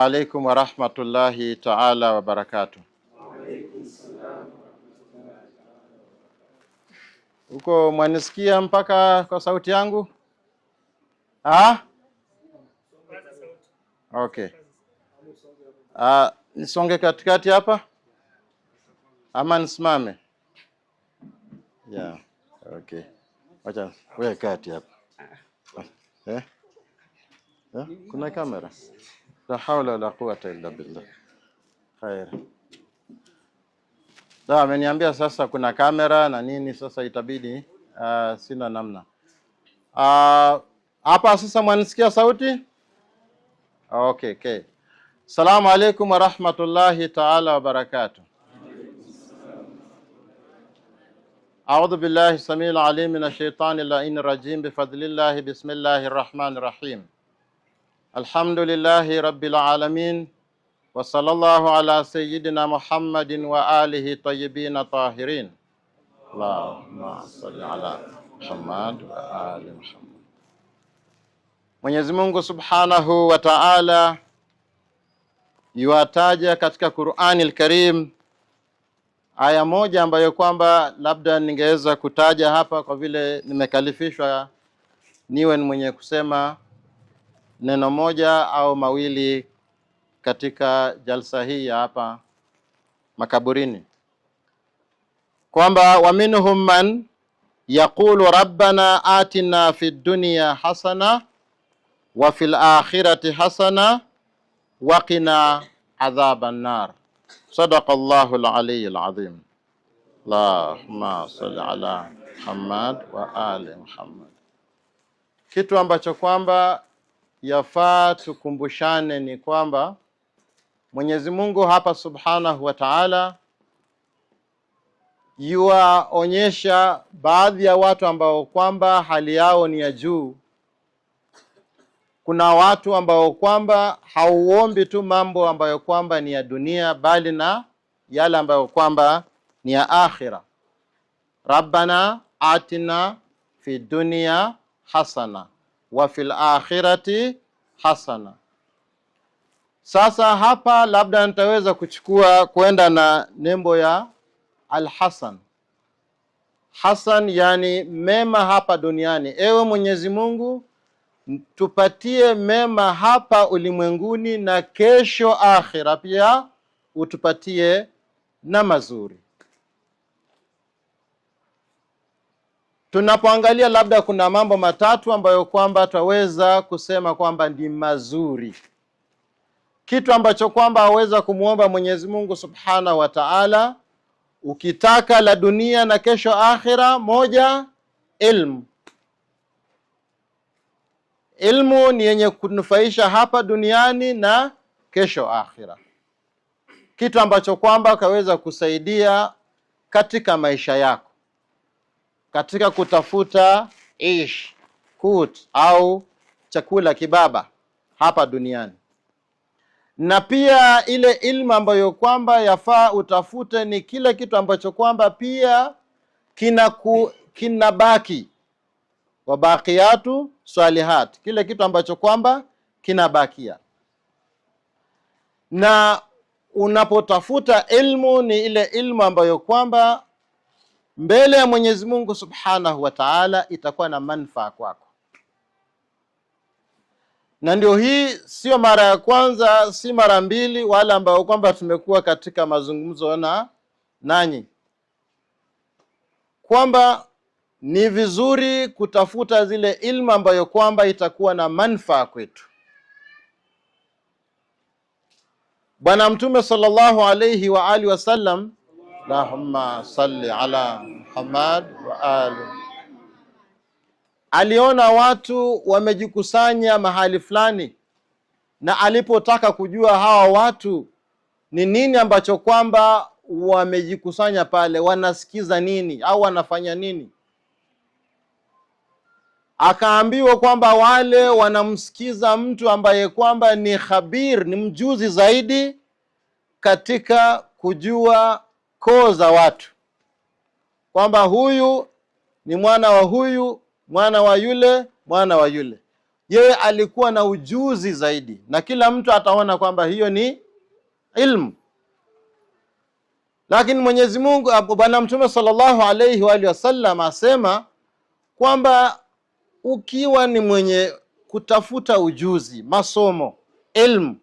alaikum warahmatullahi taala wabarakatuh. Huko mwanisikia mpaka kwa sauti yangu ha? Okay. Ah, nisonge katikati hapa ama nisimame? Yeah. Okay. Wacha kati hapa eh? Yeah? Kuna kamera la haula wala quwata illa billah. Khair. Da, ameniambia sasa kuna kamera na nini, sasa itabidi uh, sina namna ah, hapa. Uh, sasa mwanisikia sauti? Okay, okay. Salamu alaikum warahmatullahi taala wabarakatuh. Audhu billahi samil alim min ashaitani lain rajim bifadlillahi bismillahi rahmani rahim Alhamdulillahi rabbil alamin wa sallallahu ala sayyidina Muhammadin wa alihi tayyibin tahirin. Allahumma salli ala Muhammad wa ali Muhammad. Mwenyezi Mungu Subhanahu wa Ta'ala yuwataja katika Qur'ani al-Karim aya moja ambayo kwamba labda ningeweza kutaja hapa kwa vile nimekalifishwa niwe ni mwenye kusema neno moja au mawili katika jalsa hii ya hapa makaburini, kwamba wa minhum man yaqulu rabbana atina fi dunya hasana wa fil akhirati hasana wa qina adhaban nar. Sadaqa Allahu al-aliyyil azim. Allahumma salli ala Muhammad wa ali Muhammad, kitu ambacho kwamba yafaa tukumbushane ni kwamba Mwenyezi Mungu hapa Subhanahu wa Ta'ala yuwaonyesha baadhi ya watu ambao kwamba hali yao ni ya juu. Kuna watu ambao kwamba hauombi tu mambo ambayo kwamba ni ya dunia, bali na yale ambayo kwamba ni ya akhira. Rabbana atina fi dunya hasana wa fil akhirati hasana. Sasa hapa labda nitaweza kuchukua kwenda na nembo ya Al-Hasan. Hasan yani mema hapa duniani. Ewe Mwenyezi Mungu, tupatie mema hapa ulimwenguni na kesho akhira pia utupatie na mazuri. Tunapoangalia labda kuna mambo matatu ambayo kwamba twaweza kusema kwamba ni mazuri, kitu ambacho kwamba aweza kumwomba Mwenyezi Mungu Subhanahu wa Ta'ala, ukitaka la dunia na kesho akhira. Moja, ilmu. Ilmu ni yenye kunufaisha hapa duniani na kesho akhira, kitu ambacho kwamba kaweza kusaidia katika maisha yako katika kutafuta ish kut au chakula kibaba hapa duniani, na pia ile ilmu ambayo kwamba yafaa utafute ni kile kitu ambacho kwamba pia kina ku, kina baki wabaqiyatu salihat, kile kitu ambacho kwamba kinabakia. Na unapotafuta ilmu ni ile ilmu ambayo kwamba mbele ya Mwenyezi Mungu Subhanahu wa Ta'ala itakuwa na manufaa kwako. Na ndio hii, sio mara ya kwanza, si mara mbili, wala ambao kwamba tumekuwa katika mazungumzo na nanyi kwamba ni vizuri kutafuta zile ilmu ambayo kwamba itakuwa na manufaa kwetu. Bwana Mtume sallallahu alayhi wa alihi wasallam Allahumma salli ala Muhammad wa ali. Aliona watu wamejikusanya mahali fulani, na alipotaka kujua hawa watu ni nini ambacho kwamba wamejikusanya pale, wanasikiza nini au wanafanya nini, akaambiwa kwamba wale wanamsikiza mtu ambaye kwamba ni khabir, ni mjuzi zaidi katika kujua koo za watu, kwamba huyu ni mwana wa huyu, mwana wa yule, mwana wa yule. Yeye alikuwa na ujuzi zaidi, na kila mtu ataona kwamba hiyo ni ilmu. Lakini Mwenyezi Mungu, Bwana Mtume sallallahu alaihi wa sallam asema kwamba ukiwa ni mwenye kutafuta ujuzi, masomo, ilmu,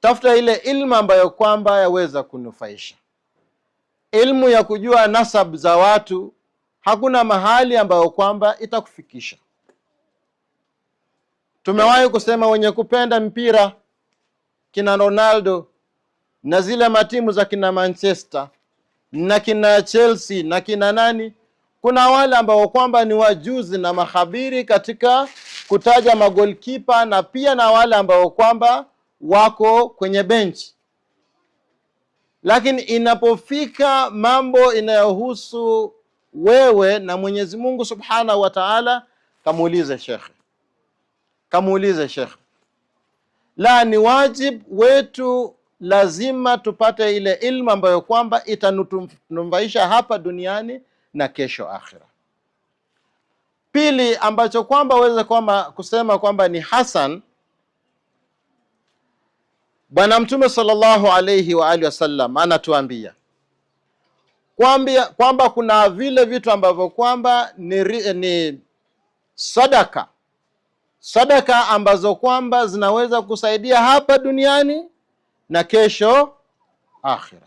tafuta ile ilmu ambayo kwamba yaweza kunufaisha ilmu ya kujua nasab za watu hakuna mahali ambayo kwamba itakufikisha. Tumewahi kusema wenye kupenda mpira kina Ronaldo na zile matimu za kina Manchester na kina Chelsea na kina nani, kuna wale ambao kwamba ni wajuzi na mahabiri katika kutaja magolkipa na pia na wale ambao kwamba wako kwenye benchi lakini inapofika mambo inayohusu wewe na Mwenyezi Mungu Subhanahu wa Ta'ala, kamuulize shekhe, kamuulize shekhe. La, ni wajib wetu, lazima tupate ile ilmu ambayo kwamba itanufaisha hapa duniani na kesho akhira. Pili ambacho kwamba waweza kwamba kusema kwamba ni hasan Bwana Mtume sallallahu alayhi wa alihi wasallam anatuambia kwamba kwamba kuna vile vitu ambavyo kwamba ni, ni sadaka sadaka ambazo kwamba zinaweza kusaidia hapa duniani na kesho akhira.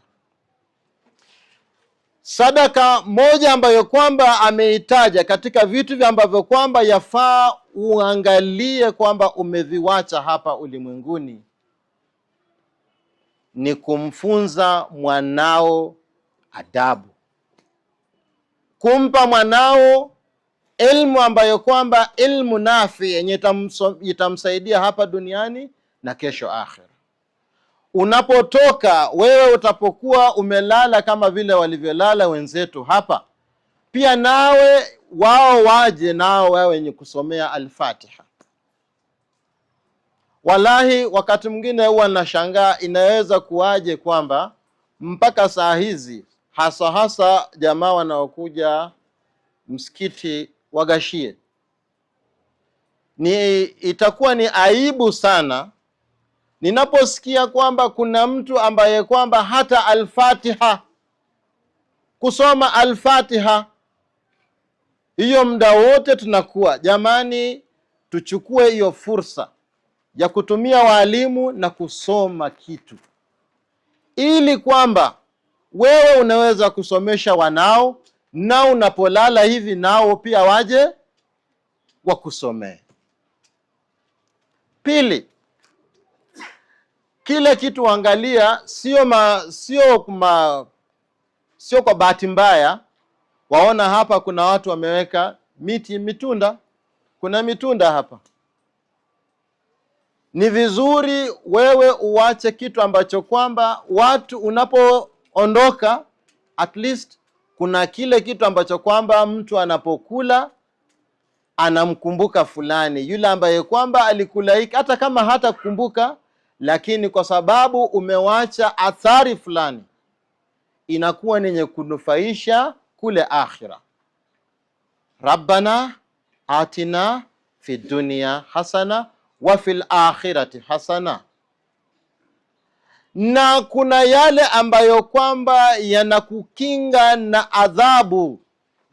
Sadaka moja ambayo kwamba ameitaja katika vitu ambavyo kwamba yafaa uangalie kwamba umeviwacha hapa ulimwenguni ni kumfunza mwanao adabu, kumpa mwanao elimu ambayo kwamba elimu nafi yenye itamsaidia hapa duniani na kesho akhira. Unapotoka wewe, utapokuwa umelala kama vile walivyolala wenzetu hapa, pia nawe wao waje nao wawe wenye kusomea Alfatiha. Wallahi, wakati mwingine huwa nashangaa inaweza kuwaje kwamba mpaka saa hizi hasa hasa jamaa wanaokuja msikiti wagashie, ni itakuwa ni aibu sana ninaposikia kwamba kuna mtu ambaye kwamba hata alfatiha kusoma alfatiha hiyo muda wote tunakuwa, jamani, tuchukue hiyo fursa ya kutumia waalimu na kusoma kitu, ili kwamba wewe unaweza kusomesha wanao, na unapolala hivi nao pia waje wakusomee. Pili, kile kitu angalia, sio ma, sio ma, sio kwa bahati mbaya. Waona hapa kuna watu wameweka miti mitunda, kuna mitunda hapa ni vizuri wewe uwache kitu ambacho kwamba watu unapoondoka, at least kuna kile kitu ambacho kwamba mtu anapokula anamkumbuka fulani yule ambaye kwamba alikula hata kama hata kukumbuka, lakini kwa sababu umewacha athari fulani, inakuwa nenye kunufaisha kule akhira. Rabbana atina fi dunya hasana wa fil akhirati hasana, na kuna yale ambayo kwamba yanakukinga na adhabu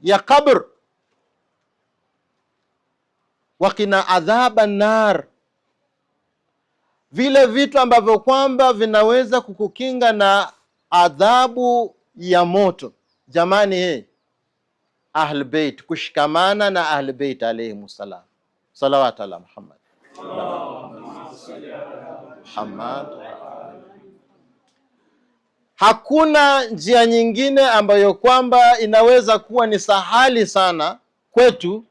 ya kabr, wakina adhaba nar, vile vitu ambavyo kwamba vinaweza kukukinga na adhabu ya moto. Jamani, he Ahlbeit, kushikamana na Ahlbeit alaihimsalam, salawatu ala Muhammad. Hakuna njia nyingine ambayo kwamba inaweza kuwa ni sahali sana kwetu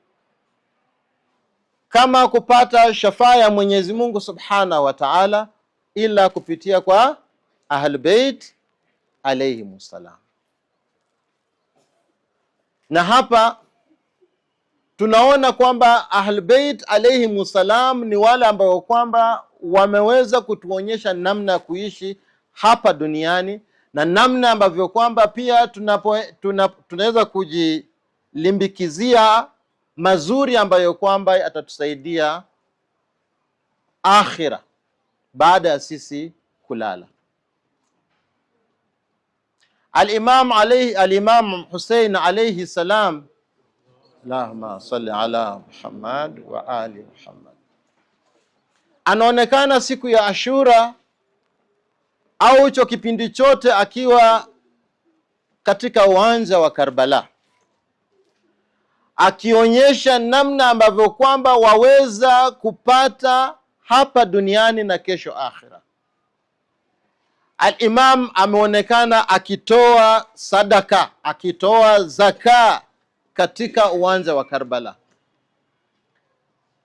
kama kupata shafaa ya Mwenyezi Mungu Subhanahu wa Ta'ala ila kupitia kwa Ahlulbeit salam. Na hapa tunaona kwamba Ahlbeit ssalam ni wale ambao kwamba wameweza kutuonyesha namna ya kuishi hapa duniani na namna ambavyo kwamba pia tunapo tunaweza kujilimbikizia mazuri ambayo kwamba atatusaidia akhira baada ya sisi kulala. Alimam alayhi Alimam Husein alaihi salam Allahumma salli ala Muhammad wa ali Muhammad. Anaonekana siku ya Ashura au hicho kipindi chote akiwa katika uwanja wa Karbala akionyesha namna ambavyo kwamba waweza kupata hapa duniani na kesho akhira. Al-Imam ameonekana akitoa sadaka, akitoa zakaa katika uwanja wa Karbala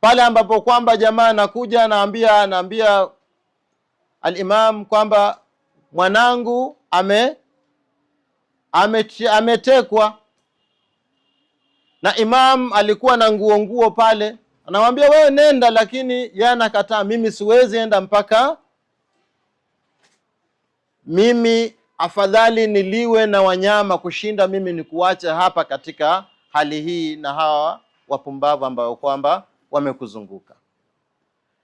pale ambapo kwamba jamaa anakuja anaambia anaambia alimam kwamba mwanangu ame ametekwa na imam alikuwa na nguo nguo pale, anamwambia wewe nenda, lakini yeye anakataa, mimi siwezi enda mpaka mimi, afadhali niliwe na wanyama kushinda mimi nikuacha hapa katika hali hii na hawa wapumbavu ambao kwamba wamekuzunguka.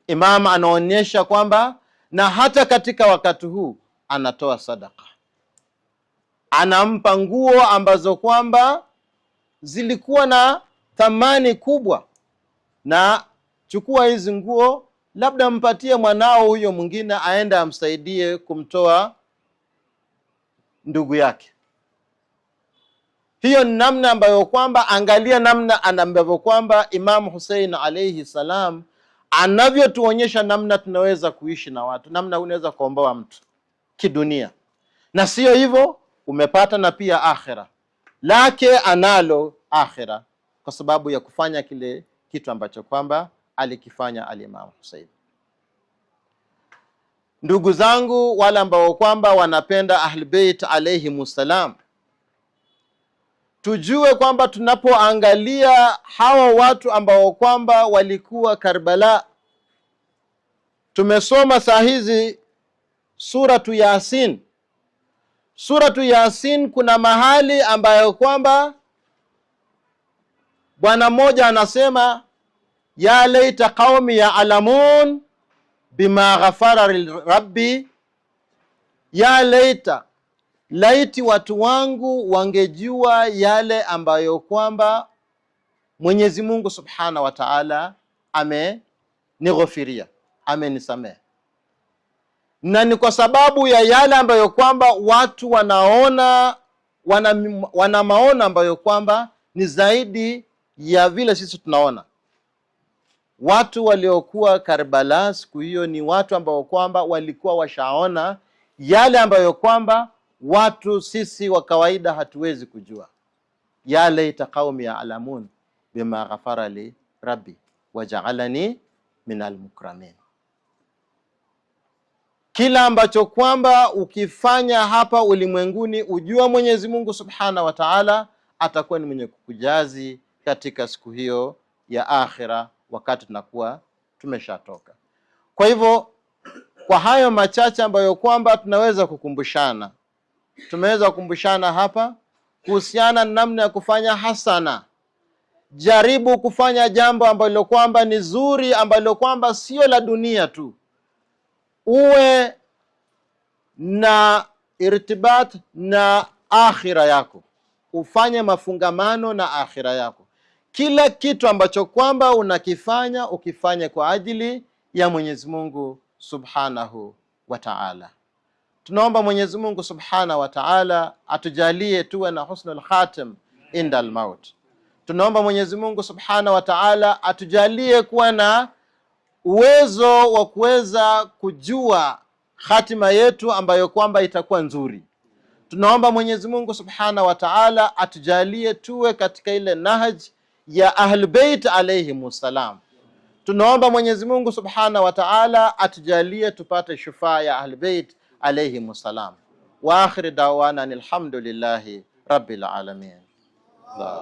Imam anaonyesha kwamba na hata katika wakati huu anatoa sadaka, anampa nguo ambazo kwamba zilikuwa na thamani kubwa, na chukua hizi nguo, labda mpatie mwanao huyo mwingine, aende amsaidie kumtoa ndugu yake. Hiyo ni namna ambayo kwamba, angalia namna ambavyo kwamba Imamu Hussein alayhi salam anavyotuonyesha namna tunaweza kuishi na watu, namna unaweza kuomboa mtu kidunia, na siyo hivyo umepata na pia akhira lake analo akhira, kwa sababu ya kufanya kile kitu ambacho kwamba alikifanya alimam Husein. Ndugu zangu wale ambao kwamba wanapenda Ahlulbeit alayhimussalam, tujue kwamba tunapoangalia hawa watu ambao kwamba walikuwa Karbala, tumesoma saa hizi suratu Yasin. Suratu Yasin, kuna mahali ambayo kwamba bwana mmoja anasema ya laita qaumi alamun bima ghafara rabbi ya laita Laiti watu wangu wangejua yale ambayo kwamba Mwenyezi Mungu Subhanahu wa Ta'ala amenighofiria, amenisamehe. Na ni kwa sababu ya yale ambayo kwamba watu wanaona wana, wana maona ambayo kwamba ni zaidi ya vile sisi tunaona. Watu waliokuwa Karbala siku hiyo ni watu ambao kwamba walikuwa washaona yale ambayo kwamba watu sisi wa kawaida hatuwezi kujua. ya laita qaumi yaalamun bima ghafara li rabbi wajaalani min almukramin. Kila ambacho kwamba ukifanya hapa ulimwenguni, ujua Mwenyezi Mungu subhanahu wa taala atakuwa ni mwenye kukujazi katika siku hiyo ya akhira, wakati tunakuwa tumeshatoka. Kwa hivyo, kwa hayo machache ambayo kwamba tunaweza kukumbushana tumeweza kukumbushana hapa kuhusiana na namna ya kufanya hasana. Jaribu kufanya jambo ambalo kwamba ni zuri, ambalo kwamba sio la dunia tu, uwe na irtibat na akhira yako, ufanye mafungamano na akhira yako. Kila kitu ambacho kwamba unakifanya ukifanye kwa ajili ya Mwenyezi Mungu Subhanahu wa Ta'ala. Tunaomba Mwenyezi Mungu Subhana wa Ta'ala atujalie tuwe na husnul khatim inda al-maut. Tunaomba Mwenyezi Mungu Subhana wa Ta'ala atujalie kuwa na uwezo wa kuweza kujua hatima yetu ambayo kwamba itakuwa nzuri. Tunaomba Mwenyezi Mungu Subhana wa Ta'ala atujalie tuwe katika ile nahaj ya Ahlulbeit wassalam Tunaomba Mwenyezi Mungu Subhana wa Ta'ala atujalie tupate shufaa ya Ahlulbeit عليهم السلام واخر دعوانا الحمد لله رب العالمين